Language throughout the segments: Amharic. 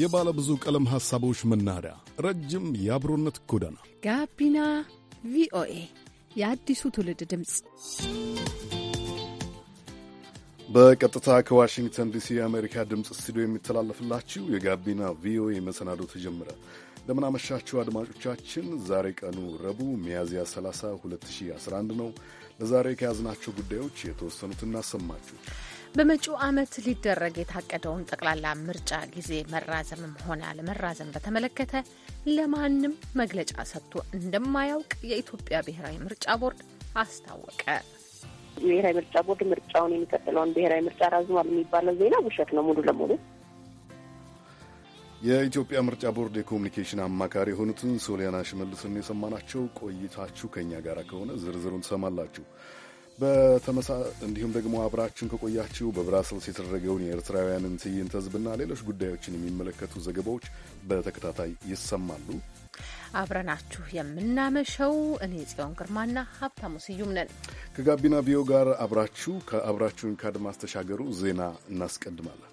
የባለ ብዙ ቀለም ሐሳቦች መናኸሪያ፣ ረጅም የአብሮነት ጎዳና ጋቢና ቪኦኤ የአዲሱ ትውልድ ድምፅ በቀጥታ ከዋሽንግተን ዲሲ የአሜሪካ ድምፅ ስቱዲዮ የሚተላለፍላችሁ የጋቢና ቪኦኤ መሰናዶ ተጀምረ። እንደምናመሻችሁ አድማጮቻችን። ዛሬ ቀኑ ረቡዕ ሚያዝያ 30 2011 ነው። ለዛሬ ከያዝናቸው ጉዳዮች የተወሰኑት እናሰማችሁ። በመጪው ዓመት ሊደረግ የታቀደውን ጠቅላላ ምርጫ ጊዜ መራዘምም ሆነ አለመራዘም በተመለከተ ለማንም መግለጫ ሰጥቶ እንደማያውቅ የኢትዮጵያ ብሔራዊ ምርጫ ቦርድ አስታወቀ። ብሔራዊ ምርጫ ቦርድ ምርጫውን የሚቀጥለውን ብሔራዊ ምርጫ ራዝሟል የሚባለው ዜና ውሸት ነው ሙሉ ለሙሉ። የኢትዮጵያ ምርጫ ቦርድ የኮሚኒኬሽን አማካሪ የሆኑትን ሶሊያና ሽመልስን የሰማናቸው። ቆይታችሁ ከእኛ ጋር ከሆነ ዝርዝሩን ትሰማላችሁ። እንዲሁም ደግሞ አብራችን ከቆያችሁ በብራስልስ የተደረገውን የኤርትራውያንን ትዕይንተ ህዝብና ሌሎች ጉዳዮችን የሚመለከቱ ዘገባዎች በተከታታይ ይሰማሉ። አብረናችሁ የምናመሸው እኔ ጽዮን ግርማና ሀብታሙ ስዩም ነን። ከጋቢና ቪዮ ጋር አብራችሁ ከአብራችሁን ከአድማስ ተሻገሩ። ዜና እናስቀድማለን።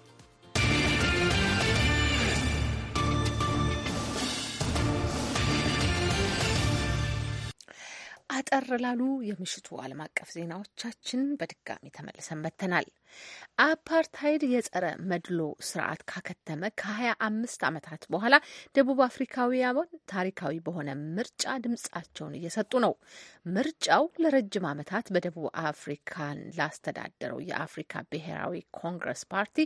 አጠር ላሉ የምሽቱ ዓለም አቀፍ ዜናዎቻችን በድጋሚ ተመልሰን መጥተናል። አፓርታይድ የጸረ መድሎ ስርዓት ካከተመ ከሀያ አምስት ዓመታት በኋላ ደቡብ አፍሪካውያን ታሪካዊ በሆነ ምርጫ ድምጻቸውን እየሰጡ ነው። ምርጫው ለረጅም ዓመታት በደቡብ አፍሪካን ላስተዳደረው የአፍሪካ ብሔራዊ ኮንግረስ ፓርቲ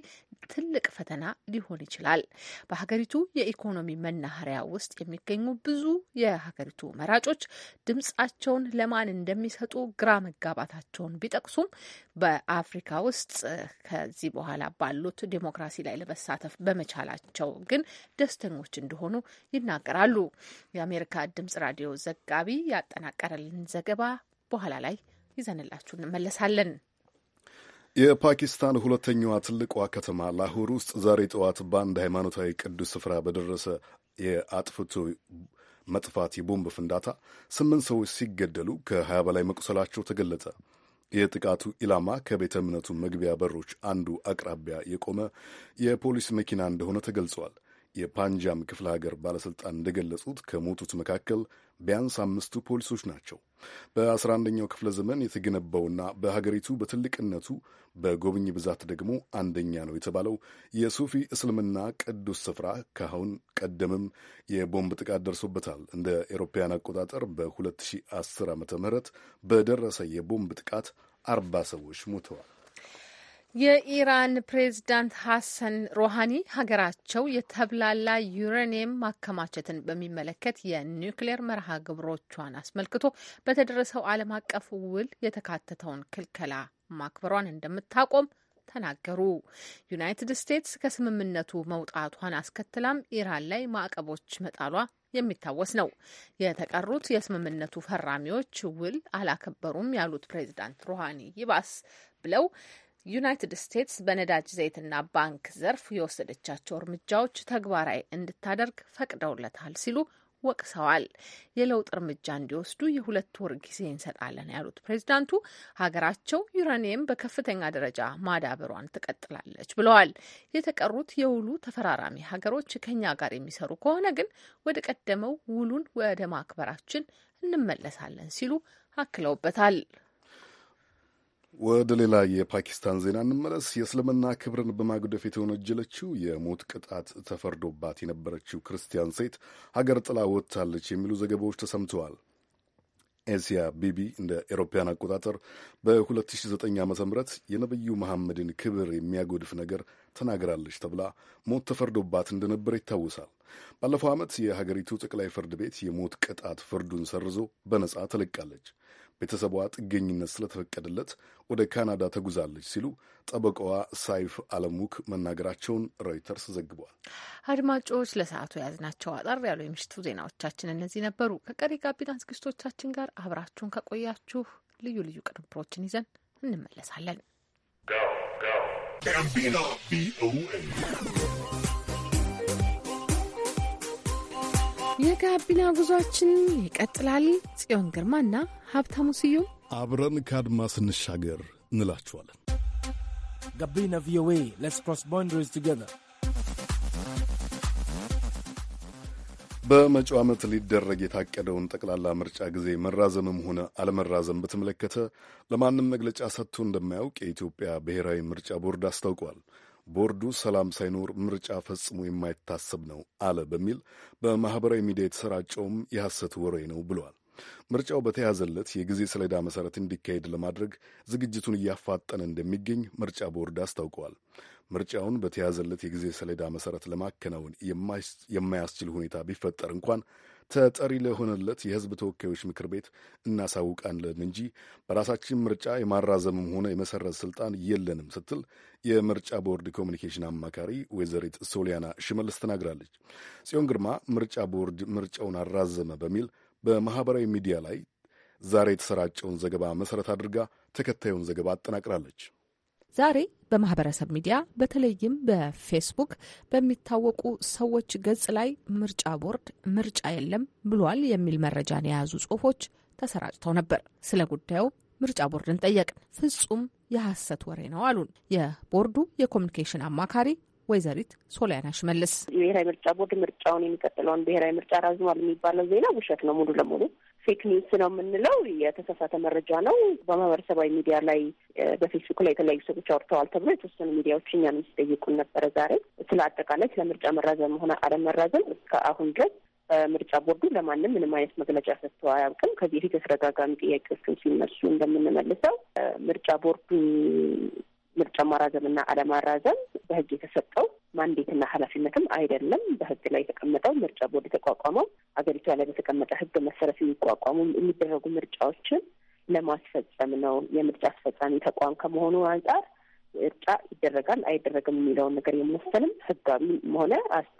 ትልቅ ፈተና ሊሆን ይችላል። በሀገሪቱ የኢኮኖሚ መናኸሪያ ውስጥ የሚገኙ ብዙ የሀገሪቱ መራጮች ድምጻቸውን ለማን እንደሚሰጡ ግራ መጋባታቸውን ቢጠቅሱም በአፍሪካ ውስጥ ውስጥ ከዚህ በኋላ ባሉት ዲሞክራሲ ላይ ለመሳተፍ በመቻላቸው ግን ደስተኞች እንደሆኑ ይናገራሉ። የአሜሪካ ድምጽ ራዲዮ ዘጋቢ ያጠናቀረልን ዘገባ በኋላ ላይ ይዘንላችሁ እንመለሳለን። የፓኪስታን ሁለተኛዋ ትልቋ ከተማ ላሁር ውስጥ ዛሬ ጠዋት በአንድ ሃይማኖታዊ ቅዱስ ስፍራ በደረሰ የአጥፍቶ መጥፋት የቦምብ ፍንዳታ ስምንት ሰዎች ሲገደሉ ከሀያ በላይ መቁሰላቸው ተገለጸ። የጥቃቱ ኢላማ ከቤተ እምነቱ መግቢያ በሮች አንዱ አቅራቢያ የቆመ የፖሊስ መኪና እንደሆነ ተገልጿል። የፓንጃም ክፍለ ሀገር ባለሥልጣን እንደገለጹት ከሞቱት መካከል ቢያንስ አምስቱ ፖሊሶች ናቸው። በ 1 ኛው ክፍለ ዘመን የተገነባውና በሀገሪቱ በትልቅነቱ በጎብኝ ብዛት ደግሞ አንደኛ ነው የተባለው የሱፊ እስልምና ቅዱስ ስፍራ ካሁን ቀደምም የቦምብ ጥቃት ደርሶበታል። እንደ ኤሮፓያን አቆጣጠር በ2010 ዓ ም በደረሰ የቦምብ ጥቃት አርባ ሰዎች ሞተዋል። የኢራን ፕሬዝዳንት ሀሰን ሮሃኒ ሀገራቸው የተብላላ ዩራኒየም ማከማቸትን በሚመለከት የኒውክሌር መርሃ ግብሮቿን አስመልክቶ በተደረሰው ዓለም አቀፍ ውል የተካተተውን ክልከላ ማክበሯን እንደምታቆም ተናገሩ። ዩናይትድ ስቴትስ ከስምምነቱ መውጣቷን አስከትላም ኢራን ላይ ማዕቀቦች መጣሏ የሚታወስ ነው። የተቀሩት የስምምነቱ ፈራሚዎች ውል አላከበሩም ያሉት ፕሬዝዳንት ሮሃኒ ይባስ ብለው ዩናይትድ ስቴትስ በነዳጅ ዘይትና ባንክ ዘርፍ የወሰደቻቸው እርምጃዎች ተግባራዊ እንድታደርግ ፈቅደውለታል ሲሉ ወቅሰዋል። የለውጥ እርምጃ እንዲወስዱ የሁለት ወር ጊዜ እንሰጣለን ያሉት ፕሬዚዳንቱ ሀገራቸው ዩራኒየም በከፍተኛ ደረጃ ማዳበሯን ትቀጥላለች ብለዋል። የተቀሩት የውሉ ተፈራራሚ ሀገሮች ከኛ ጋር የሚሰሩ ከሆነ ግን ወደ ቀደመው ውሉን ወደ ማክበራችን እንመለሳለን ሲሉ አክለውበታል። ወደ ሌላ የፓኪስታን ዜና እንመለስ። የእስልምና ክብርን በማጉደፍ የተወነጀለችው የሞት ቅጣት ተፈርዶባት የነበረችው ክርስቲያን ሴት ሀገር ጥላ ወጥታለች የሚሉ ዘገባዎች ተሰምተዋል። ኤሲያ ቢቢ እንደ ኤሮፓያን አቆጣጠር በ2009 ዓ ም የነቢዩ መሐመድን ክብር የሚያጎድፍ ነገር ተናግራለች ተብላ ሞት ተፈርዶባት እንደነበረ ይታወሳል። ባለፈው ዓመት የሀገሪቱ ጠቅላይ ፍርድ ቤት የሞት ቅጣት ፍርዱን ሰርዞ በነጻ ተለቃለች። ቤተሰቧ ጥገኝነት ስለተፈቀደለት ወደ ካናዳ ተጉዛለች ሲሉ ጠበቃዋ ሳይፍ አለሙክ መናገራቸውን ሮይተርስ ዘግቧል። አድማጮች፣ ለሰዓቱ የያዝናቸው አጠር ያሉ የምሽቱ ዜናዎቻችን እነዚህ ነበሩ። ከቀሪ ጋቢና ዝግጅቶቻችን ጋር አብራችሁን ከቆያችሁ ልዩ ልዩ ቅንብሮችን ይዘን እንመለሳለን። የጋቢና ጉዟችን ይቀጥላል። ጽዮን ግርማና ሀብታሙ ስዩም አብረን ከአድማ ስንሻገር እንላችኋለን። ጋቢና ቪኦኤ ሌትስ ክሮስ ቦንደሪስ ቱጌዘር በመጪው ዓመት ሊደረግ የታቀደውን ጠቅላላ ምርጫ ጊዜ መራዘምም ሆነ አለመራዘም በተመለከተ ለማንም መግለጫ ሰጥቶ እንደማያውቅ የኢትዮጵያ ብሔራዊ ምርጫ ቦርድ አስታውቋል። ቦርዱ ሰላም ሳይኖር ምርጫ ፈጽሞ የማይታሰብ ነው አለ በሚል በማኅበራዊ ሚዲያ የተሰራጨውም የሐሰት ወሬ ነው ብለዋል። ምርጫው በተያዘለት የጊዜ ሰሌዳ መሠረት እንዲካሄድ ለማድረግ ዝግጅቱን እያፋጠነ እንደሚገኝ ምርጫ ቦርድ አስታውቀዋል። ምርጫውን በተያዘለት የጊዜ ሰሌዳ መሠረት ለማከናወን የማያስችል ሁኔታ ቢፈጠር እንኳን ተጠሪ ለሆነለት የህዝብ ተወካዮች ምክር ቤት እናሳውቃለን እንጂ በራሳችን ምርጫ የማራዘምም ሆነ የመሰረት ስልጣን የለንም ስትል የምርጫ ቦርድ ኮሚኒኬሽን አማካሪ ወይዘሪት ሶሊያና ሽመልስ ተናግራለች። ጽዮን ግርማ ምርጫ ቦርድ ምርጫውን አራዘመ በሚል በማህበራዊ ሚዲያ ላይ ዛሬ የተሰራጨውን ዘገባ መሠረት አድርጋ ተከታዩን ዘገባ አጠናቅራለች። ዛሬ በማህበረሰብ ሚዲያ በተለይም በፌስቡክ በሚታወቁ ሰዎች ገጽ ላይ ምርጫ ቦርድ ምርጫ የለም ብሏል የሚል መረጃን የያዙ ጽሁፎች ተሰራጭተው ነበር። ስለ ጉዳዩ ምርጫ ቦርድን ጠየቅን። ፍጹም የሐሰት ወሬ ነው አሉን የቦርዱ የኮሚኒኬሽን አማካሪ ወይዘሪት ሶሊያና ሽመልስ። ብሔራዊ ምርጫ ቦርድ ምርጫውን የሚቀጥለውን ብሔራዊ ምርጫ ራዝሟል የሚባለው ዜና ውሸት ነው ሙሉ ለሙሉ ፌክ ኒውስ ነው የምንለው የተሳሳተ መረጃ ነው። በማህበረሰባዊ ሚዲያ ላይ በፌስቡክ ላይ የተለያዩ ሰዎች አውርተዋል ተብሎ የተወሰኑ ሚዲያዎች እኛንም ሲጠይቁን ነበረ። ዛሬ ስለ አጠቃላይ ስለ ምርጫ መራዘም ሆነ አለመራዘም እስከ አሁን ድረስ ምርጫ ቦርዱ ለማንም ምንም አይነት መግለጫ ሰጥቶ አያውቅም። ከዚህ ፊት የተደጋጋሚ ጥያቄዎችም ሲነሱ እንደምንመልሰው ምርጫ ቦርዱ ምርጫ ማራዘምና አለማራዘም በህግ የተሰጠው ማንዴትና ኃላፊነትም አይደለም በህግ ላይ የተቀመጠው ምርጫ ቦርድ የተቋቋመው አገሪቷ ላይ በተቀመጠ ህግ መሰረት የሚቋቋሙ የሚደረጉ ምርጫዎችን ለማስፈጸም ነው። የምርጫ አስፈጻሚ ተቋም ከመሆኑ አንጻር ምርጫ ይደረጋል አይደረግም የሚለውን ነገር የመወሰንም ህጋዊም ሆነ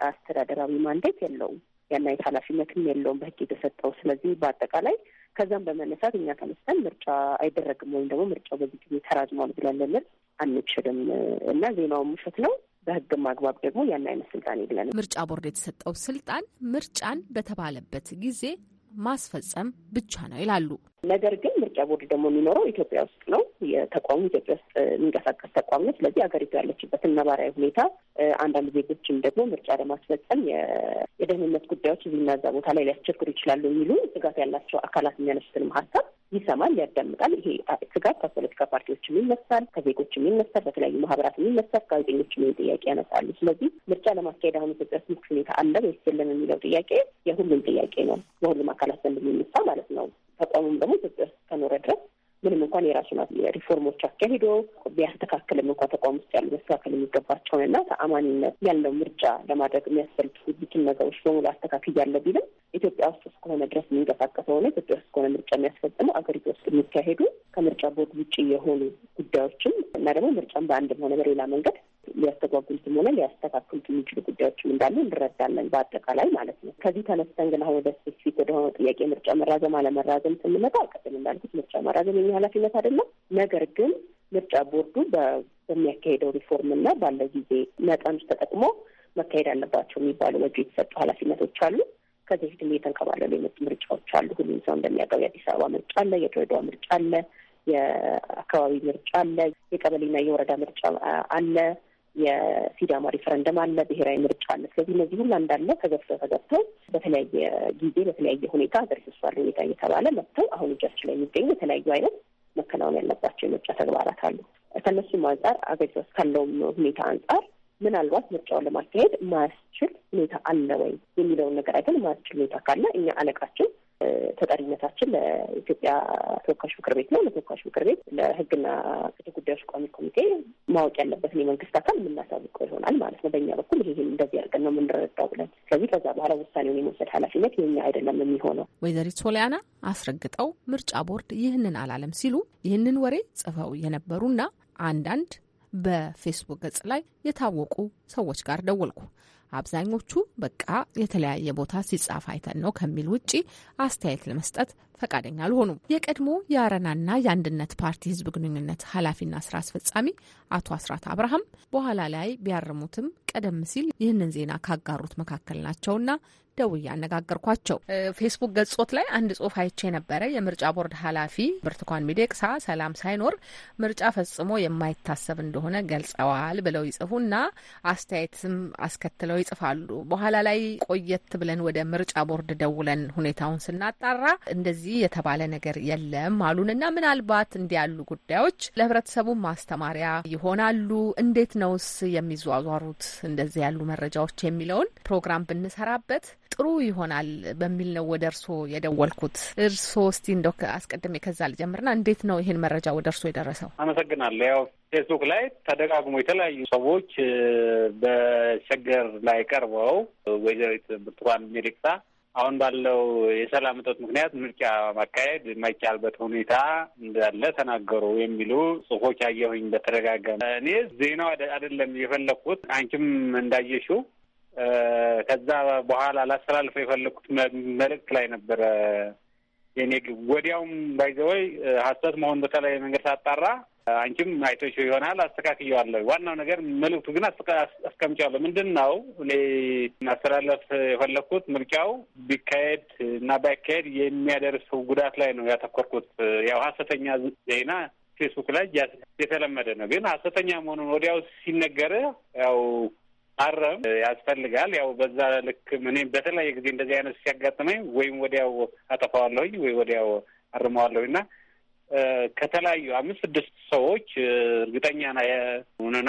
አስተዳደራዊ ማንዴት የለውም። ያን አይነት ኃላፊነትም የለውም በህግ የተሰጠው። ስለዚህ በአጠቃላይ ከዛም በመነሳት እኛ ተነስተን ምርጫ አይደረግም ወይም ደግሞ ምርጫው በዚህ ጊዜ ተራዝሟል ብለን ልንል አንችልም እና ዜናውን ውሸት ነው። በህግም አግባብ ደግሞ ያን አይነት ስልጣን የለንም። ምርጫ ቦርድ የተሰጠው ስልጣን ምርጫን በተባለበት ጊዜ ማስፈጸም ብቻ ነው ይላሉ። ነገር ግን ምርጫ ቦርድ ደግሞ የሚኖረው ኢትዮጵያ ውስጥ ነው። የተቋሙ ኢትዮጵያ ውስጥ የሚንቀሳቀስ ተቋም ነው። ስለዚህ ሀገሪቱ ያለችበትን ነባራዊ ሁኔታ፣ አንዳንድ ዜጎችም ደግሞ ምርጫ ለማስፈጸም የደህንነት ጉዳዮች እዚህና እዛ ቦታ ላይ ሊያስቸግሩ ይችላሉ የሚሉ ስጋት ያላቸው አካላት የሚያነሱትንም ሀሳብ ይሰማል፣ ያዳምጣል። ይሄ ስጋት ከፖለቲካ ፓርቲዎችም ይነሳል፣ ከዜጎችም ይነሳል፣ በተለያዩ ማህበራትም ይነሳል፣ ጋዜጠኞችም ይህን ጥያቄ ያነሳሉ። ስለዚህ ምርጫ ለማካሄድ አሁን ኢትዮጵያ ውስጥ ምቹ ሁኔታ አለ ወይስ የለም የሚለው ጥያቄ የሁሉም ጥያቄ ነው፣ በሁሉም አካላት ዘንድ የሚነሳ ማለት ነው። ተቋሙም ደግሞ ኢትዮጵያ ውስጥ ከኖረ ድረስ ምንም እንኳን የራሱን ሪፎርሞች አካሂዶ ቢያስተካክልም እንኳ ተቋም ውስጥ ያሉ መስተካከል የሚገባቸውን እና ተአማኒነት ያለው ምርጫ ለማድረግ የሚያስፈልጉ የሚያስፈልጉትን ነገሮች በሙሉ አስተካክል ያለ ቢልም ኢትዮጵያ ውስጥ እስከሆነ ድረስ የሚንቀሳቀሰው ሆነ ኢትዮጵያ ውስጥ እስከሆነ ምርጫ የሚያስፈጽመው አገሪቱ ውስጥ የሚካሄዱ ከምርጫ ቦርድ ውጭ የሆኑ ጉዳዮችም እና ደግሞ ምርጫን በአንድም ሆነ በሌላ መንገድ ሊያስተጓጉሉትም ሆነ ሊያስተካክሉት የሚችሉ ጉዳዮችም እንዳሉ እንረዳለን በአጠቃላይ ማለት ነው። ከዚህ ተነስተን ግን አሁን ወደ ስፔሲፊክ ወደሆነ ጥያቄ ምርጫ መራዘም አለመራዘም ስንመጣ ቅድም እንዳልኩት ምርጫ መራዘም የኛ ኃላፊነት አይደለም። ነገር ግን ምርጫ ቦርዱ በሚያካሄደው እና ባለ ጊዜ መጠኖች ተጠቅሞ መካሄድ አለባቸው የሚባሉ በእጁ የተሰጡ ኃላፊነቶች አሉ። ከዚህ በፊትም እየተንከባለሉ የመጡ ምርጫዎች አሉ። ሁሉም ሰው እንደሚያውቀው የአዲስ አበባ ምርጫ አለ፣ የድሬዳዋ ምርጫ አለ፣ የአካባቢ ምርጫ አለ፣ የቀበሌና የወረዳ ምርጫ አለ። የሲዳማ ሪፈረንደም አለ፣ ብሔራዊ ምርጫ አለ። ስለዚህ እነዚህ ሁሉ እንዳለ ተገብተው ተገብተው በተለያየ ጊዜ በተለያየ ሁኔታ ዘርግሷል ሁኔታ እየተባለ መጥተው አሁን እጃችን ላይ የሚገኙ የተለያዩ አይነት መከናወን ያለባቸው የምርጫ ተግባራት አሉ። ከእነሱም አንጻር አገሪቷ ውስጥ ካለውም ሁኔታ አንጻር ምናልባት ምርጫውን ለማካሄድ ማያስችል ሁኔታ አለ ወይ የሚለውን ነገር አይተን ማያስችል ሁኔታ ካለ እኛ አለቃችን ተጠሪነታችን ለኢትዮጵያ ተወካዮች ምክር ቤት ነው። ለተወካዮች ምክር ቤት፣ ለህግና ፍትህ ጉዳዮች ቋሚ ኮሚቴ ማወቅ ያለበትን የመንግስት አካል የምናሳውቀው ይሆናል ማለት ነው። በእኛ በኩል ይህ እንደዚህ አድርገን ነው የምንረዳው ብለን ስለዚህ ከዛ በኋላ ውሳኔውን የመውሰድ ኃላፊነት የኛ አይደለም የሚሆነው። ወይዘሪት ሶሊያና አስረግጠው ምርጫ ቦርድ ይህንን አላለም ሲሉ ይህንን ወሬ ጽፈው የነበሩና አንዳንድ በፌስቡክ ገጽ ላይ የታወቁ ሰዎች ጋር ደወልኩ። አብዛኞቹ በቃ የተለያየ ቦታ ሲጻፍ አይተን ነው ከሚል ውጪ አስተያየት ለመስጠት ፈቃደኛ አልሆኑም። የቀድሞ የአረናና የአንድነት ፓርቲ ህዝብ ግንኙነት ኃላፊና ስራ አስፈጻሚ አቶ አስራት አብርሃም በኋላ ላይ ቢያርሙትም ቀደም ሲል ይህንን ዜና ካጋሩት መካከል ናቸውና ደውዬ አነጋገርኳቸው። ፌስቡክ ገጾት ላይ አንድ ጽሁፍ አይቼ ነበረ። የምርጫ ቦርድ ኃላፊ ብርቱካን ሚደቅሳ ሰላም ሳይኖር ምርጫ ፈጽሞ የማይታሰብ እንደሆነ ገልጸዋል ብለው ይጽፉና አስተያየትም አስከትለው ይጽፋሉ። በኋላ ላይ ቆየት ብለን ወደ ምርጫ ቦርድ ደውለን ሁኔታውን ስናጣራ እንደዚህ የተባለ ነገር የለም አሉንና ምናልባት እንዲ ያሉ ጉዳዮች ለህብረተሰቡ ማስተማሪያ ይሆናሉ። እንዴት ነውስ የሚዟዟሩት እንደዚህ ያሉ መረጃዎች የሚለውን ፕሮግራም ብንሰራበት ጥሩ ይሆናል በሚል ነው ወደ እርስዎ የደወልኩት። እርስዎ እስቲ እንደ አስቀድሜ ከዛ ልጀምርና እንዴት ነው ይሄን መረጃ ወደ እርስዎ የደረሰው? አመሰግናለሁ። ያው ፌስቡክ ላይ ተደጋግሞ የተለያዩ ሰዎች በሸገር ላይ ቀርበው ወይዘሪት ብርቱካን ሚደቅሳ አሁን ባለው የሰላም እጦት ምክንያት ምርጫ ማካሄድ የማይቻልበት ሁኔታ እንዳለ ተናገሩ የሚሉ ጽሁፎች አየሁኝ በተደጋጋሚ። እኔ ዜናው አይደለም የፈለግኩት አንቺም እንዳየሽው ከዛ በኋላ ላስተላልፈ የፈለግኩት መልእክት ላይ ነበረ የኔ ወዲያውም ባይዘወይ ሀሰት መሆን በተለያየ መንገድ ሳጣራ አንቺም አይቶች ይሆናል አስተካክየዋለሁ። ዋናው ነገር መልእክቱ ግን አስቀምጫለሁ። ምንድን ነው እኔ ማስተላለፍ የፈለግኩት ምርጫው ቢካሄድ እና ባይካሄድ የሚያደርሰው ጉዳት ላይ ነው ያተኮርኩት። ያው ሀሰተኛ ዜና ፌስቡክ ላይ የተለመደ ነው። ግን ሀሰተኛ መሆኑን ወዲያው ሲነገር ያው አረም ያስፈልጋል። ያው በዛ ልክ እኔም በተለያየ ጊዜ እንደዚህ አይነት ሲያጋጥመኝ ወይም ወዲያው አጠፋዋለሁኝ ወይ ወዲያው አርመዋለሁኝ እና ከተለያዩ አምስት ስድስት ሰዎች እርግጠኛ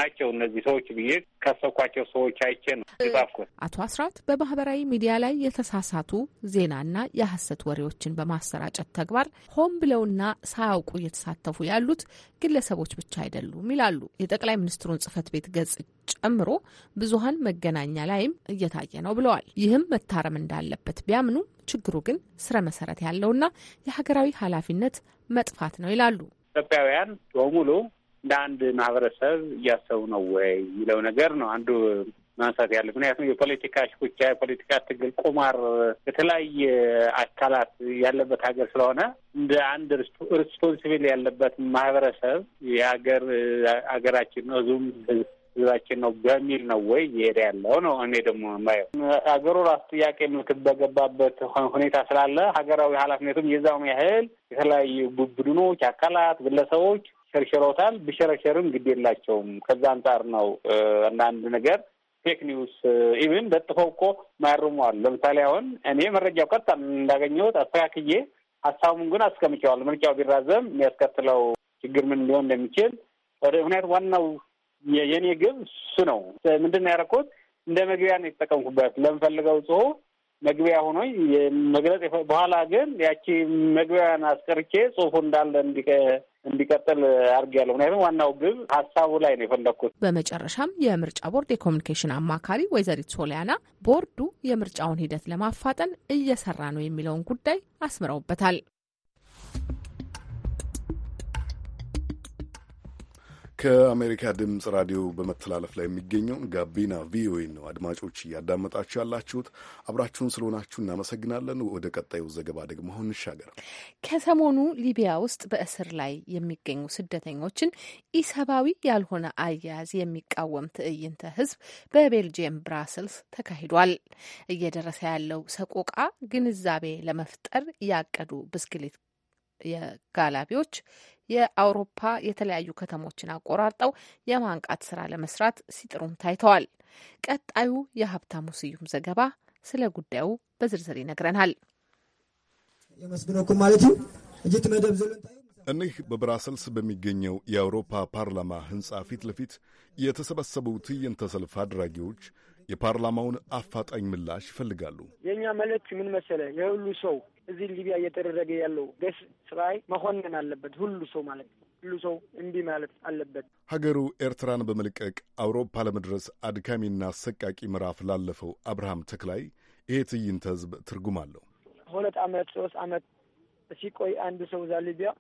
ናቸው እነዚህ ሰዎች ብዬ ካሰብኳቸው ሰዎች አይቼ ነው የጻፍኩት። አቶ አስራት በማህበራዊ ሚዲያ ላይ የተሳሳቱ ዜናና የሀሰት ወሬዎችን በማሰራጨት ተግባር ሆን ብለውና ሳያውቁ እየተሳተፉ ያሉት ግለሰቦች ብቻ አይደሉም ይላሉ። የጠቅላይ ሚኒስትሩን ጽህፈት ቤት ገጽ ጨምሮ ብዙሀን መገናኛ ላይም እየታየ ነው ብለዋል። ይህም መታረም እንዳለበት ቢያምኑ ችግሩ ግን ስረ መሰረት ያለውና የሀገራዊ ኃላፊነት መጥፋት ነው ይላሉ። ኢትዮጵያውያን በሙሉ እንደ አንድ ማህበረሰብ እያሰቡ ነው ወይ የሚለው ነገር ነው አንዱ ማንሳት ያለ ምክንያቱም የፖለቲካ ሽኩቻ፣ የፖለቲካ ትግል፣ ቁማር፣ የተለያየ አካላት ያለበት ሀገር ስለሆነ እንደ አንድ ሪስፖንሲብል ያለበት ማህበረሰብ የሀገር ሀገራችን ህዝቡም ህዝባችን ነው በሚል ነው ወይ እየሄደ ያለው ነው። እኔ ደግሞ ማየው ሀገሩ ራሱ ጥያቄ ምልክት በገባበት ሁኔታ ስላለ ሀገራዊ ኃላፊነቱም የዛውም ያህል የተለያዩ ቡድኖች፣ አካላት፣ ግለሰቦች ሸርሽረውታል። ብሸረሸርም ግድ የላቸውም። ከዛ አንጻር ነው አንዳንድ ነገር ፌክ ኒውስ ኢቭን በጥፈው እኮ ማያርሟል። ለምሳሌ አሁን እኔ መረጃው ቀጥታ እንዳገኘሁት አስተካክዬ ሀሳቡን ግን አስቀምጨዋል። ምርጫው ቢራዘም የሚያስከትለው ችግር ምን ሊሆን እንደሚችል ወደ ምክንያቱም ዋናው የኔ ግብ እሱ ነው። ምንድን ነው ያደረኩት? እንደ መግቢያ ነው የተጠቀምኩበት ለምፈልገው ጽሁፍ መግቢያ ሆኖ መግለጽ በኋላ ግን ያቺ መግቢያን አስቀርቼ ጽሁፉ እንዳለ እንዲቀጥል አድርጌያለሁ። ምክንያቱም ዋናው ግብ ሀሳቡ ላይ ነው የፈለግኩት። በመጨረሻም የምርጫ ቦርድ የኮሚኒኬሽን አማካሪ ወይዘሪት ሶሊያና ቦርዱ የምርጫውን ሂደት ለማፋጠን እየሰራ ነው የሚለውን ጉዳይ አስምረውበታል። ከአሜሪካ ድምፅ ራዲዮ በመተላለፍ ላይ የሚገኘውን ጋቢና ቪኦኤ ነው አድማጮች እያዳመጣችሁ ያላችሁት። አብራችሁን ስለሆናችሁ እናመሰግናለን። ወደ ቀጣዩ ዘገባ ደግሞ አሁን እንሻገር። ከሰሞኑ ሊቢያ ውስጥ በእስር ላይ የሚገኙ ስደተኞችን ኢሰብአዊ ያልሆነ አያያዝ የሚቃወም ትዕይንተ ህዝብ በቤልጅየም ብራስልስ ተካሂዷል። እየደረሰ ያለው ሰቆቃ ግንዛቤ ለመፍጠር ያቀዱ ብስክሌት የጋላቢዎች የአውሮፓ የተለያዩ ከተሞችን አቆራርጠው የማንቃት ስራ ለመስራት ሲጥሩም ታይተዋል። ቀጣዩ የሀብታሙ ስዩም ዘገባ ስለ ጉዳዩ በዝርዝር ይነግረናል። እኒህ በብራሰልስ በሚገኘው የአውሮፓ ፓርላማ ህንፃ ፊት ለፊት የተሰበሰቡ ትዕይንተ ሰልፍ አድራጊዎች የፓርላማውን አፋጣኝ ምላሽ ይፈልጋሉ። የእኛ መልእክት ምን መሰለ? የሁሉ ሰው እዚህ ሊቢያ እየተደረገ ያለው ገስ ስራይ መኮንን አለበት ሁሉ ሰው ማለት ነው። ሁሉ ሰው እንዲህ ማለት አለበት። ሀገሩ ኤርትራን በመልቀቅ አውሮፓ ለመድረስ አድካሚና አሰቃቂ ምዕራፍ ላለፈው አብርሃም ተክላይ ይሄ ትዕይንተ ህዝብ ትርጉም አለው። ሁለት አመት ሶስት አመት ሲቆይ አንድ ሰው እዛ ሊቢያ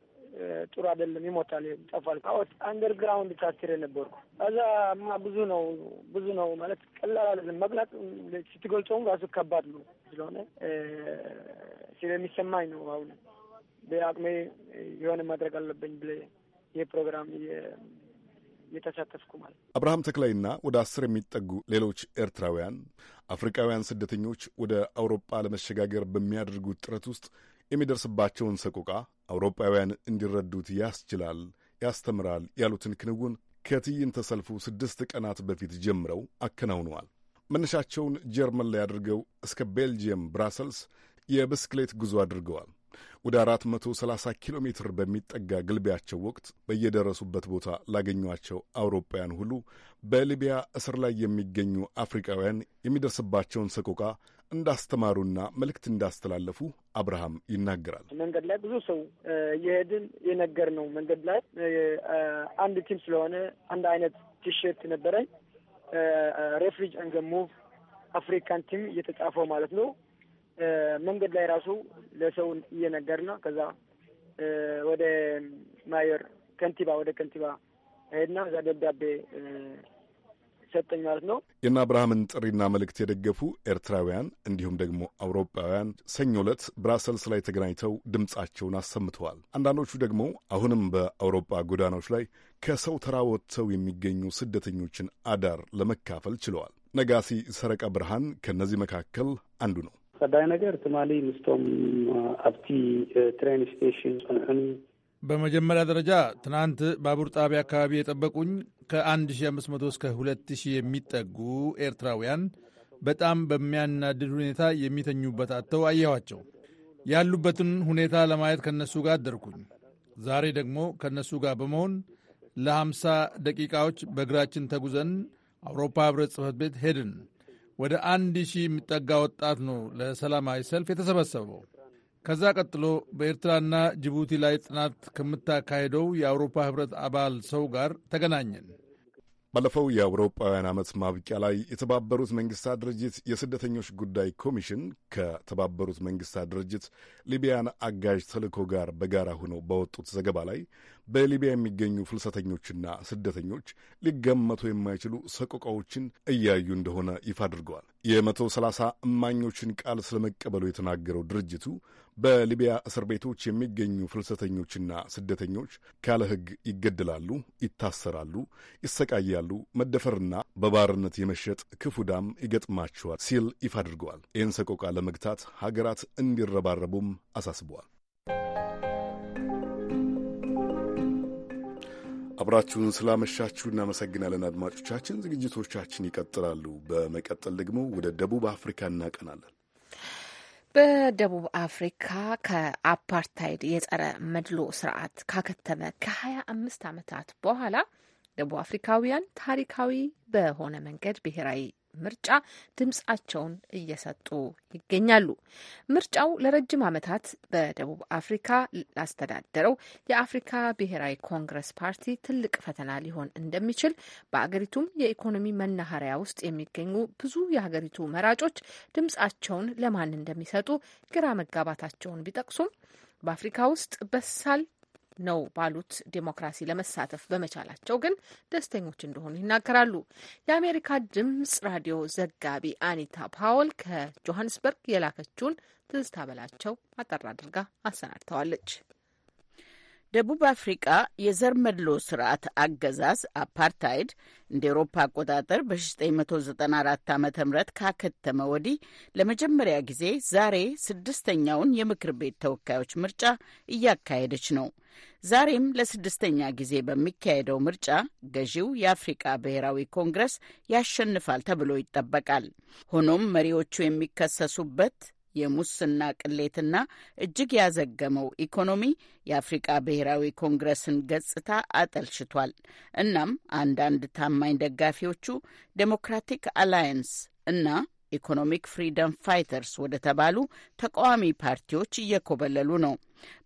ጥሩ አይደለም፣ ይሞታል፣ ይጠፋል። አዎት አንደርግራውንድ ታስሬ ነበርኩ። እዛ ማ ብዙ ነው ብዙ ነው ማለት ቀላል አለም መግለጽ ስትገልጾም ራሱ ከባድ ነው ስለሆነ ስለሚሰማኝ ነው አሁን በአቅሜ የሆነ ማድረግ አለብኝ ብለ ይህ ፕሮግራም የተሳተፍኩ ማለት ነው። አብርሃም ተክላይና ወደ አስር የሚጠጉ ሌሎች ኤርትራውያን አፍሪካውያን ስደተኞች ወደ አውሮፓ ለመሸጋገር በሚያደርጉት ጥረት ውስጥ የሚደርስባቸውን ሰቆቃ አውሮፓውያን እንዲረዱት ያስችላል፣ ያስተምራል ያሉትን ክንውን ከትዕይንተ ሰልፉ ስድስት ቀናት በፊት ጀምረው አከናውነዋል። መነሻቸውን ጀርመን ላይ አድርገው እስከ ቤልጅየም ብራሰልስ የብስክሌት ጉዞ አድርገዋል። ወደ 430 ኪሎ ሜትር በሚጠጋ ግልቢያቸው ወቅት በየደረሱበት ቦታ ላገኟቸው አውሮፓውያን ሁሉ በሊቢያ እስር ላይ የሚገኙ አፍሪካውያን የሚደርስባቸውን ሰቆቃ እንዳስተማሩና መልእክት እንዳስተላለፉ አብርሃም ይናገራል። መንገድ ላይ ብዙ ሰው የሄድን የነገር ነው። መንገድ ላይ አንድ ቲም ስለሆነ አንድ አይነት ቲሸርት ነበረኝ። ሬፍሪጅ አንድ ሙቭ አፍሪካን ቲም እየተጻፈው ማለት ነው። መንገድ ላይ ራሱ ለሰው ነው። ከዛ ወደ ማየር ከንቲባ ወደ ከንቲባ ሄድና እዛ ደብዳቤ ሰጠኝ ማለት ነው። የእነ አብርሃምን ጥሪና መልእክት የደገፉ ኤርትራውያን እንዲሁም ደግሞ አውሮፓውያን ሰኞ ዕለት ብራሰልስ ላይ ተገናኝተው ድምፃቸውን አሰምተዋል። አንዳንዶቹ ደግሞ አሁንም በአውሮፓ ጎዳናዎች ላይ ከሰው ተራ ወጥተው የሚገኙ ስደተኞችን አዳር ለመካፈል ችለዋል። ነጋሲ ሰረቀ ብርሃን ከእነዚህ መካከል አንዱ ነው። ቀዳይ ነገር ትማሊ ምስቶም ኣብቲ ትሬን ስቴሽን ፀንዑን በመጀመሪያ ደረጃ ትናንት ባቡር ጣቢያ አካባቢ የጠበቁኝ ከ1500 እስከ 2000 የሚጠጉ ኤርትራውያን በጣም በሚያናድድ ሁኔታ የሚተኙበት አጥተው አየኋቸው። ያሉበትን ሁኔታ ለማየት ከነሱ ጋር አደርኩኝ። ዛሬ ደግሞ ከነሱ ጋር በመሆን ለ50 ደቂቃዎች በእግራችን ተጉዘን አውሮፓ ህብረት ጽህፈት ቤት ሄድን። ወደ አንድ ሺህ የሚጠጋ ወጣት ነው ለሰላማዊ ሰልፍ የተሰበሰበው። ከዛ ቀጥሎ በኤርትራና ጅቡቲ ላይ ጥናት ከምታካሄደው የአውሮፓ ህብረት አባል ሰው ጋር ተገናኘን። ባለፈው የአውሮፓውያን ዓመት ማብቂያ ላይ የተባበሩት መንግስታት ድርጅት የስደተኞች ጉዳይ ኮሚሽን ከተባበሩት መንግስታት ድርጅት ሊቢያን አጋዥ ተልእኮ ጋር በጋራ ሆነው ባወጡት ዘገባ ላይ በሊቢያ የሚገኙ ፍልሰተኞችና ስደተኞች ሊገመቱ የማይችሉ ሰቆቃዎችን እያዩ እንደሆነ ይፋ አድርገዋል። የመቶ ሰላሳ እማኞችን ቃል ስለመቀበሉ የተናገረው ድርጅቱ በሊቢያ እስር ቤቶች የሚገኙ ፍልሰተኞችና ስደተኞች ካለ ሕግ ይገደላሉ፣ ይታሰራሉ፣ ይሰቃያሉ። መደፈርና በባርነት የመሸጥ ክፉ ዳም ይገጥማቸዋል ሲል ይፋ አድርገዋል። ይህን ሰቆቃ ለመግታት ሀገራት እንዲረባረቡም አሳስበዋል። አብራችሁን ስላመሻችሁ እናመሰግናለን አድማጮቻችን። ዝግጅቶቻችን ይቀጥላሉ። በመቀጠል ደግሞ ወደ ደቡብ አፍሪካ እናቀናለን። በደቡብ አፍሪካ ከአፓርታይድ የጸረ መድሎ ስርዓት ካከተመ ከሀያ አምስት ዓመታት በኋላ ደቡብ አፍሪካውያን ታሪካዊ በሆነ መንገድ ብሔራዊ ምርጫ ድምጻቸውን እየሰጡ ይገኛሉ። ምርጫው ለረጅም ዓመታት በደቡብ አፍሪካ ላስተዳደረው የአፍሪካ ብሔራዊ ኮንግረስ ፓርቲ ትልቅ ፈተና ሊሆን እንደሚችል በአገሪቱም የኢኮኖሚ መናኸሪያ ውስጥ የሚገኙ ብዙ የሀገሪቱ መራጮች ድምጻቸውን ለማን እንደሚሰጡ ግራ መጋባታቸውን ቢጠቅሱም በአፍሪካ ውስጥ በሳል ነው ባሉት ዴሞክራሲ ለመሳተፍ በመቻላቸው ግን ደስተኞች እንደሆኑ ይናገራሉ። የአሜሪካ ድምጽ ራዲዮ ዘጋቢ አኒታ ፓወል ከጆሀንስበርግ የላከችውን ትዝታ በላቸው አጠር አድርጋ አሰናድተዋለች። ደቡብ አፍሪቃ የዘር መድሎ ስርዓት አገዛዝ አፓርታይድ እንደ ኤሮፓ አቆጣጠር በ1994 ዓ ም ካከተመ ወዲህ ለመጀመሪያ ጊዜ ዛሬ ስድስተኛውን የምክር ቤት ተወካዮች ምርጫ እያካሄደች ነው። ዛሬም ለስድስተኛ ጊዜ በሚካሄደው ምርጫ ገዢው የአፍሪቃ ብሔራዊ ኮንግረስ ያሸንፋል ተብሎ ይጠበቃል። ሆኖም መሪዎቹ የሚከሰሱበት የሙስና ቅሌትና እጅግ ያዘገመው ኢኮኖሚ የአፍሪቃ ብሔራዊ ኮንግረስን ገጽታ አጠልሽቷል። እናም አንዳንድ ታማኝ ደጋፊዎቹ ዴሞክራቲክ አላያንስ እና ኢኮኖሚክ ፍሪደም ፋይተርስ ወደ ተባሉ ተቃዋሚ ፓርቲዎች እየኮበለሉ ነው።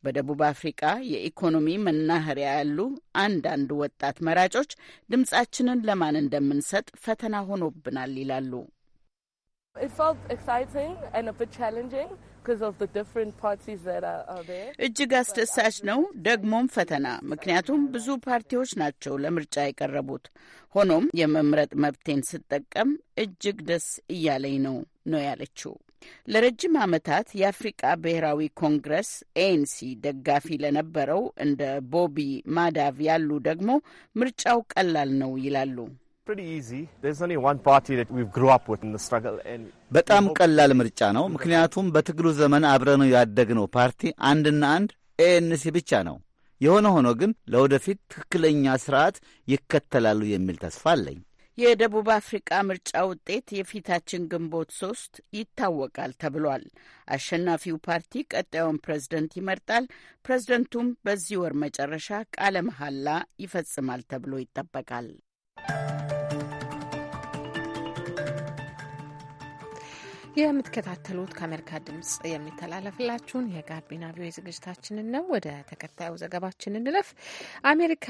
በደቡብ አፍሪቃ የኢኮኖሚ መናኸሪያ ያሉ አንዳንድ ወጣት መራጮች ድምጻችንን ለማን እንደምንሰጥ ፈተና ሆኖብናል ይላሉ። እጅግ አስደሳች ነው፣ ደግሞም ፈተና። ምክንያቱም ብዙ ፓርቲዎች ናቸው ለምርጫ የቀረቡት። ሆኖም የመምረጥ መብቴን ስጠቀም እጅግ ደስ እያለኝ ነው ነው ያለችው። ለረጅም ዓመታት የአፍሪቃ ብሔራዊ ኮንግረስ ኤንሲ ደጋፊ ለነበረው እንደ ቦቢ ማዳቭ ያሉ ደግሞ ምርጫው ቀላል ነው ይላሉ። በጣም ቀላል ምርጫ ነው። ምክንያቱም በትግሉ ዘመን አብረነው ያደግነው ፓርቲ አንድና አንድ ኤንሲ ብቻ ነው። የሆነ ሆኖ ግን ለወደፊት ትክክለኛ ስርዓት ይከተላሉ የሚል ተስፋ አለኝ። የደቡብ አፍሪቃ ምርጫ ውጤት የፊታችን ግንቦት ሶስት ይታወቃል ተብሏል። አሸናፊው ፓርቲ ቀጣዩን ፕሬዝደንት ይመርጣል። ፕሬዝደንቱም በዚህ ወር መጨረሻ ቃለ መሐላ ይፈጽማል ተብሎ ይጠበቃል። የምትከታተሉት ከአሜሪካ ድምጽ የሚተላለፍላችሁን የጋቢና ቪኦኤ ዝግጅታችንን ነው። ወደ ተከታዩ ዘገባችን እንለፍ። አሜሪካ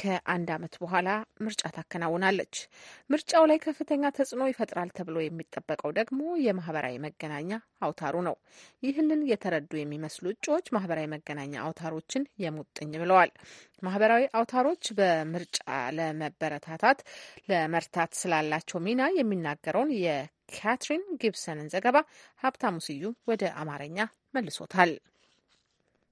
ከአንድ ዓመት በኋላ ምርጫ ታከናውናለች። ምርጫው ላይ ከፍተኛ ተጽዕኖ ይፈጥራል ተብሎ የሚጠበቀው ደግሞ የማህበራዊ መገናኛ አውታሩ ነው። ይህንን የተረዱ የሚመስሉ እጩዎች ማህበራዊ መገናኛ አውታሮችን የሙጥኝ ብለዋል። ማህበራዊ አውታሮች በምርጫ ለመበረታታት ለመርታት ስላላቸው ሚና የሚናገረውን የካትሪን ጊብሰንን ዘገባ ሀብታሙ ስዩም ወደ አማርኛ መልሶታል።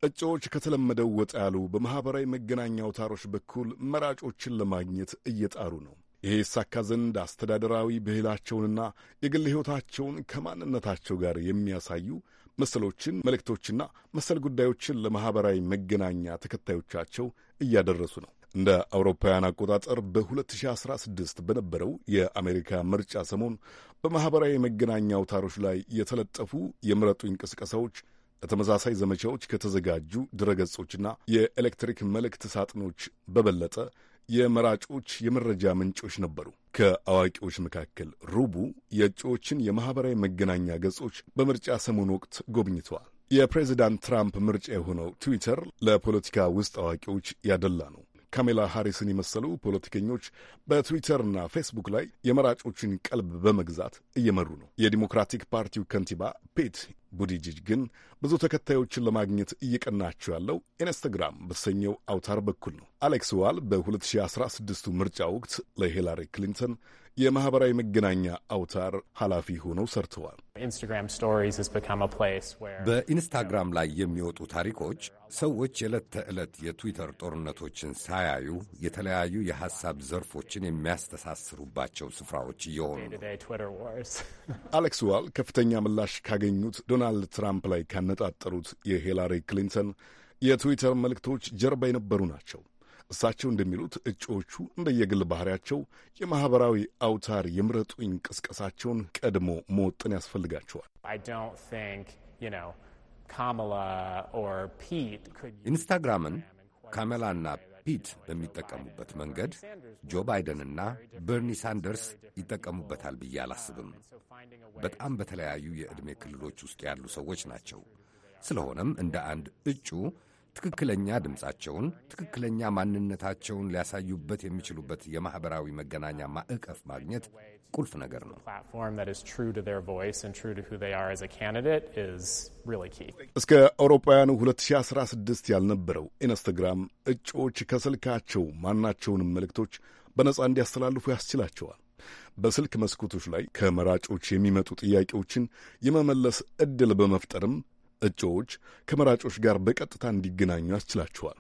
እጩዎች ከተለመደው ወጣ ያሉ በማኅበራዊ መገናኛ አውታሮች በኩል መራጮችን ለማግኘት እየጣሩ ነው። ይህ ይሳካ ዘንድ አስተዳደራዊ ብሂላቸውንና የግል ሕይወታቸውን ከማንነታቸው ጋር የሚያሳዩ ምስሎችን፣ መልእክቶችና መሰል ጉዳዮችን ለማኅበራዊ መገናኛ ተከታዮቻቸው እያደረሱ ነው። እንደ አውሮፓውያን አቆጣጠር በ2016 በነበረው የአሜሪካ ምርጫ ሰሞን በማኅበራዊ መገናኛ አውታሮች ላይ የተለጠፉ የምረጡ እንቅስቀሳዎች ለተመሳሳይ ዘመቻዎች ከተዘጋጁ ድረገጾችና የኤሌክትሪክ መልእክት ሳጥኖች በበለጠ የመራጮች የመረጃ ምንጮች ነበሩ። ከአዋቂዎች መካከል ሩቡ የእጩዎችን የማኅበራዊ መገናኛ ገጾች በምርጫ ሰሞን ወቅት ጎብኝተዋል። የፕሬዚዳንት ትራምፕ ምርጫ የሆነው ትዊተር ለፖለቲካ ውስጥ አዋቂዎች ያደላ ነው። ካሜላ ሃሪስን የመሰሉ ፖለቲከኞች በትዊተርና ፌስቡክ ላይ የመራጮችን ቀልብ በመግዛት እየመሩ ነው። የዲሞክራቲክ ፓርቲው ከንቲባ ፔት ቡዲጅጅ ግን ብዙ ተከታዮችን ለማግኘት እየቀናቸው ያለው ኢንስተግራም በተሰኘው አውታር በኩል ነው። አሌክስ ዋል በ2016ቱ ምርጫ ወቅት ለሂላሪ ክሊንተን የማህበራዊ መገናኛ አውታር ኃላፊ ሆነው ሰርተዋል። በኢንስታግራም ላይ የሚወጡ ታሪኮች ሰዎች የዕለት ተዕለት የትዊተር ጦርነቶችን ሳያዩ የተለያዩ የሐሳብ ዘርፎችን የሚያስተሳስሩባቸው ስፍራዎች እየሆኑ ነው። አሌክስ ዋል ከፍተኛ ምላሽ ካገኙት ዶናልድ ትራምፕ ላይ ካነጣጠሩት የሂላሪ ክሊንተን የትዊተር መልእክቶች ጀርባ የነበሩ ናቸው። እሳቸው እንደሚሉት እጩዎቹ እንደየግል ባህሪያቸው የማኅበራዊ አውታር የምረጡኝ ቅስቀሳቸውን ቀድሞ መወጠን ያስፈልጋቸዋል። ኢንስታግራምን ካሜላና ፒት በሚጠቀሙበት መንገድ ጆ ባይደንና በርኒ ሳንደርስ ይጠቀሙበታል ብዬ አላስብም። በጣም በተለያዩ የዕድሜ ክልሎች ውስጥ ያሉ ሰዎች ናቸው። ስለሆነም እንደ አንድ እጩ ትክክለኛ ድምፃቸውን፣ ትክክለኛ ማንነታቸውን ሊያሳዩበት የሚችሉበት የማኅበራዊ መገናኛ ማዕቀፍ ማግኘት ቁልፍ ነገር ነው። እስከ አውሮፓውያኑ 2016 ያልነበረው ኢንስተግራም እጩዎች ከስልካቸው ማናቸውንም መልእክቶች በነጻ እንዲያስተላልፉ ያስችላቸዋል። በስልክ መስኮቶች ላይ ከመራጮች የሚመጡ ጥያቄዎችን የመመለስ ዕድል በመፍጠርም እጩዎች ከመራጮች ጋር በቀጥታ እንዲገናኙ ያስችላቸዋል።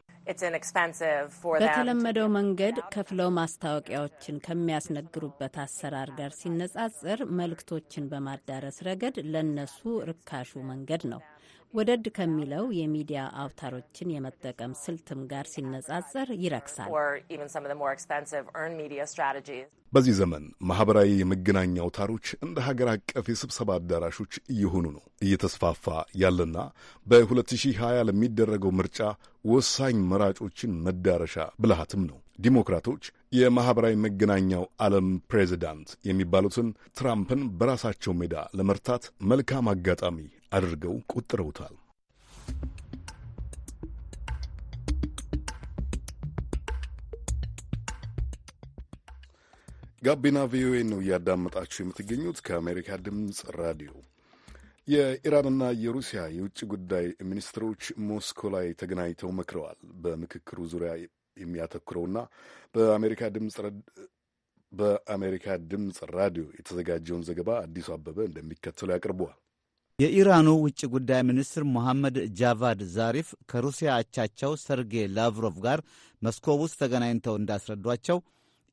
በተለመደው መንገድ ከፍለው ማስታወቂያዎችን ከሚያስነግሩበት አሰራር ጋር ሲነጻጽር መልእክቶችን በማዳረስ ረገድ ለእነሱ ርካሹ መንገድ ነው። ወደድ ከሚለው የሚዲያ አውታሮችን የመጠቀም ስልትም ጋር ሲነጻጸር ይረክሳል። በዚህ ዘመን ማህበራዊ የመገናኛ አውታሮች እንደ ሀገር አቀፍ የስብሰባ አዳራሾች እየሆኑ ነው። እየተስፋፋ ያለና በ2020 ለሚደረገው ምርጫ ወሳኝ መራጮችን መዳረሻ ብልሃትም ነው። ዲሞክራቶች የማኅበራዊ መገናኛው ዓለም ፕሬዚዳንት የሚባሉትን ትራምፕን በራሳቸው ሜዳ ለመርታት መልካም አጋጣሚ አድርገው ቆጥረውታል። ጋቢና ቪኦኤ ነው እያዳመጣችሁ የምትገኙት ከአሜሪካ ድምፅ ራዲዮ። የኢራንና የሩሲያ የውጭ ጉዳይ ሚኒስትሮች ሞስኮ ላይ ተገናኝተው መክረዋል። በምክክሩ ዙሪያ የሚያተኩረውና በአሜሪካ ድምፅ በአሜሪካ ድምፅ ራዲዮ የተዘጋጀውን ዘገባ አዲሱ አበበ እንደሚከተሉ ያቀርበዋል። የኢራኑ ውጭ ጉዳይ ሚኒስትር ሞሐመድ ጃቫድ ዛሪፍ ከሩሲያ አቻቸው ሰርጌይ ላቭሮቭ ጋር መስኮ ውስጥ ተገናኝተው እንዳስረዷቸው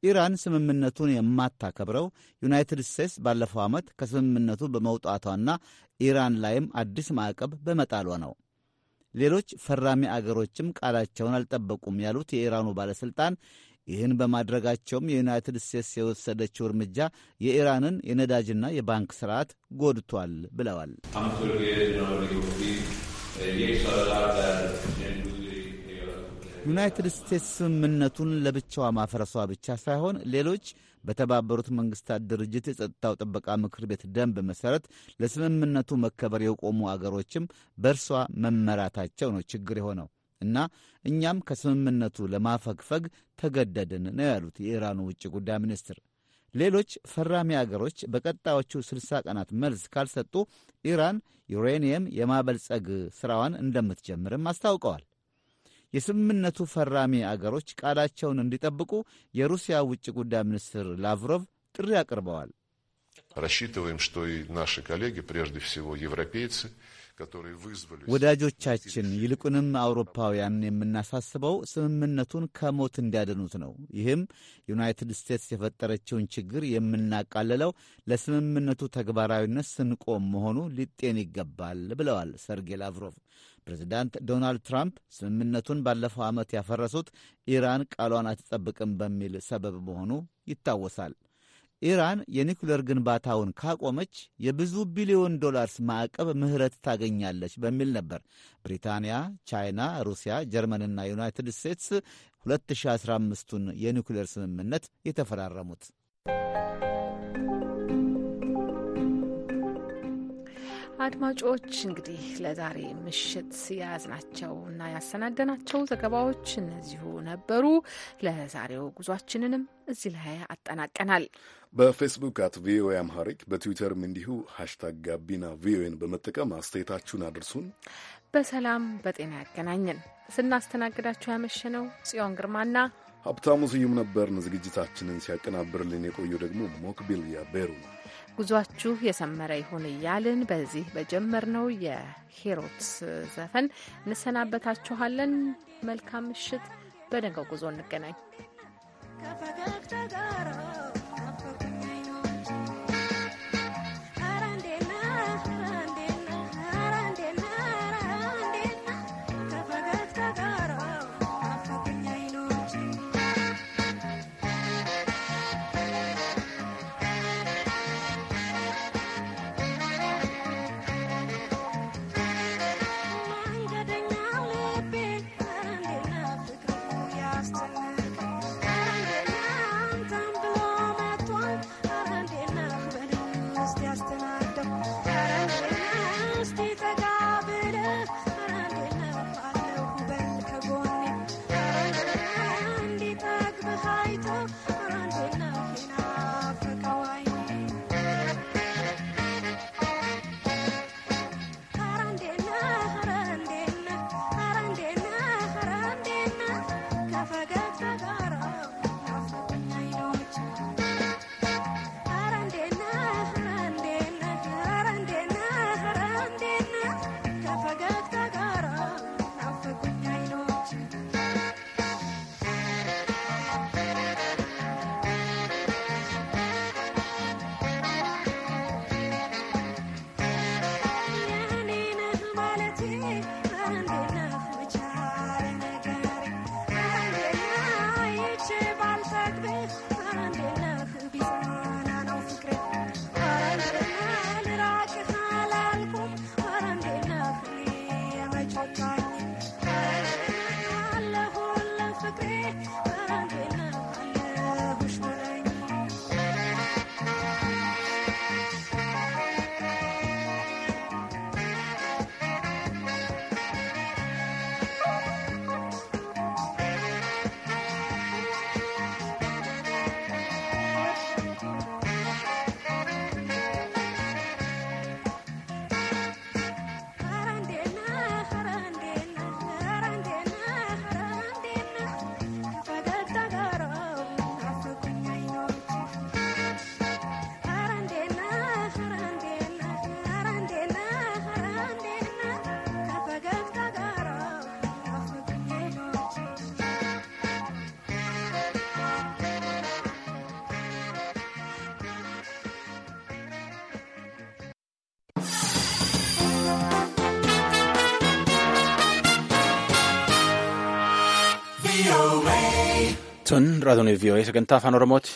ኢራን ስምምነቱን የማታከብረው ዩናይትድ ስቴትስ ባለፈው ዓመት ከስምምነቱ በመውጣቷና ኢራን ላይም አዲስ ማዕቀብ በመጣሏ ነው። ሌሎች ፈራሚ አገሮችም ቃላቸውን አልጠበቁም ያሉት የኢራኑ ባለሥልጣን ይህን በማድረጋቸውም የዩናይትድ ስቴትስ የወሰደችው እርምጃ የኢራንን የነዳጅና የባንክ ስርዓት ጎድቷል ብለዋል። ዩናይትድ ስቴትስ ስምምነቱን ለብቻዋ ማፈረሷ ብቻ ሳይሆን ሌሎች በተባበሩት መንግስታት ድርጅት የጸጥታው ጥበቃ ምክር ቤት ደንብ መሠረት ለስምምነቱ መከበር የቆሙ አገሮችም በእርሷ መመራታቸው ነው ችግር የሆነው። እና እኛም ከስምምነቱ ለማፈግፈግ ተገደድን ነው ያሉት የኢራኑ ውጭ ጉዳይ ሚኒስትር። ሌሎች ፈራሚ አገሮች በቀጣዮቹ 60 ቀናት መልስ ካልሰጡ ኢራን ዩሬኒየም የማበልጸግ ሥራዋን እንደምትጀምርም አስታውቀዋል። የስምምነቱ ፈራሚ አገሮች ቃላቸውን እንዲጠብቁ የሩሲያ ውጭ ጉዳይ ሚኒስትር ላቭሮቭ ጥሪ አቅርበዋል። рассчитываем, что и наши коллеги, прежде всего европейцы, ወዳጆቻችን ይልቁንም አውሮፓውያን የምናሳስበው ስምምነቱን ከሞት እንዲያድኑት ነው። ይህም ዩናይትድ ስቴትስ የፈጠረችውን ችግር የምናቃልለው ለስምምነቱ ተግባራዊነት ስንቆም መሆኑ ሊጤን ይገባል ብለዋል ሰርጌ ላቭሮቭ። ፕሬዚዳንት ዶናልድ ትራምፕ ስምምነቱን ባለፈው ዓመት ያፈረሱት ኢራን ቃሏን አትጠብቅም በሚል ሰበብ መሆኑ ይታወሳል። ኢራን የኒኩሌር ግንባታውን ካቆመች የብዙ ቢሊዮን ዶላርስ ማዕቀብ ምህረት ታገኛለች በሚል ነበር ብሪታንያ፣ ቻይና፣ ሩሲያ፣ ጀርመንና ዩናይትድ ስቴትስ 2015ቱን የኒኩሌር ስምምነት የተፈራረሙት። አድማጮች እንግዲህ ለዛሬ ምሽት የያዝናቸው እና ያሰናደናቸው ዘገባዎች እነዚሁ ነበሩ። ለዛሬው ጉዟችንንም እዚህ ላይ አጠናቀናል። በፌስቡክ አት ቪኦኤ አምሃሪክ በትዊተርም እንዲሁ ሀሽታግ ጋቢና ቪኦኤን በመጠቀም አስተያየታችሁን አድርሱን። በሰላም በጤና ያገናኘን። ስናስተናግዳችሁ ያመሸነው ጽዮን ግርማና ሀብታሙ ስዩም ነበርን። ዝግጅታችንን ሲያቀናብርልን የቆየው ደግሞ ሞክቢል ያቤሩ ነው። ጉዟችሁ የሰመረ ይሁን እያልን በዚህ በጀመርነው የሄሮትስ ዘፈን እንሰናበታችኋለን። መልካም ምሽት። በነገው ጉዞ እንገናኝ። Son Radonis Vio, ese que está Fanoromoch.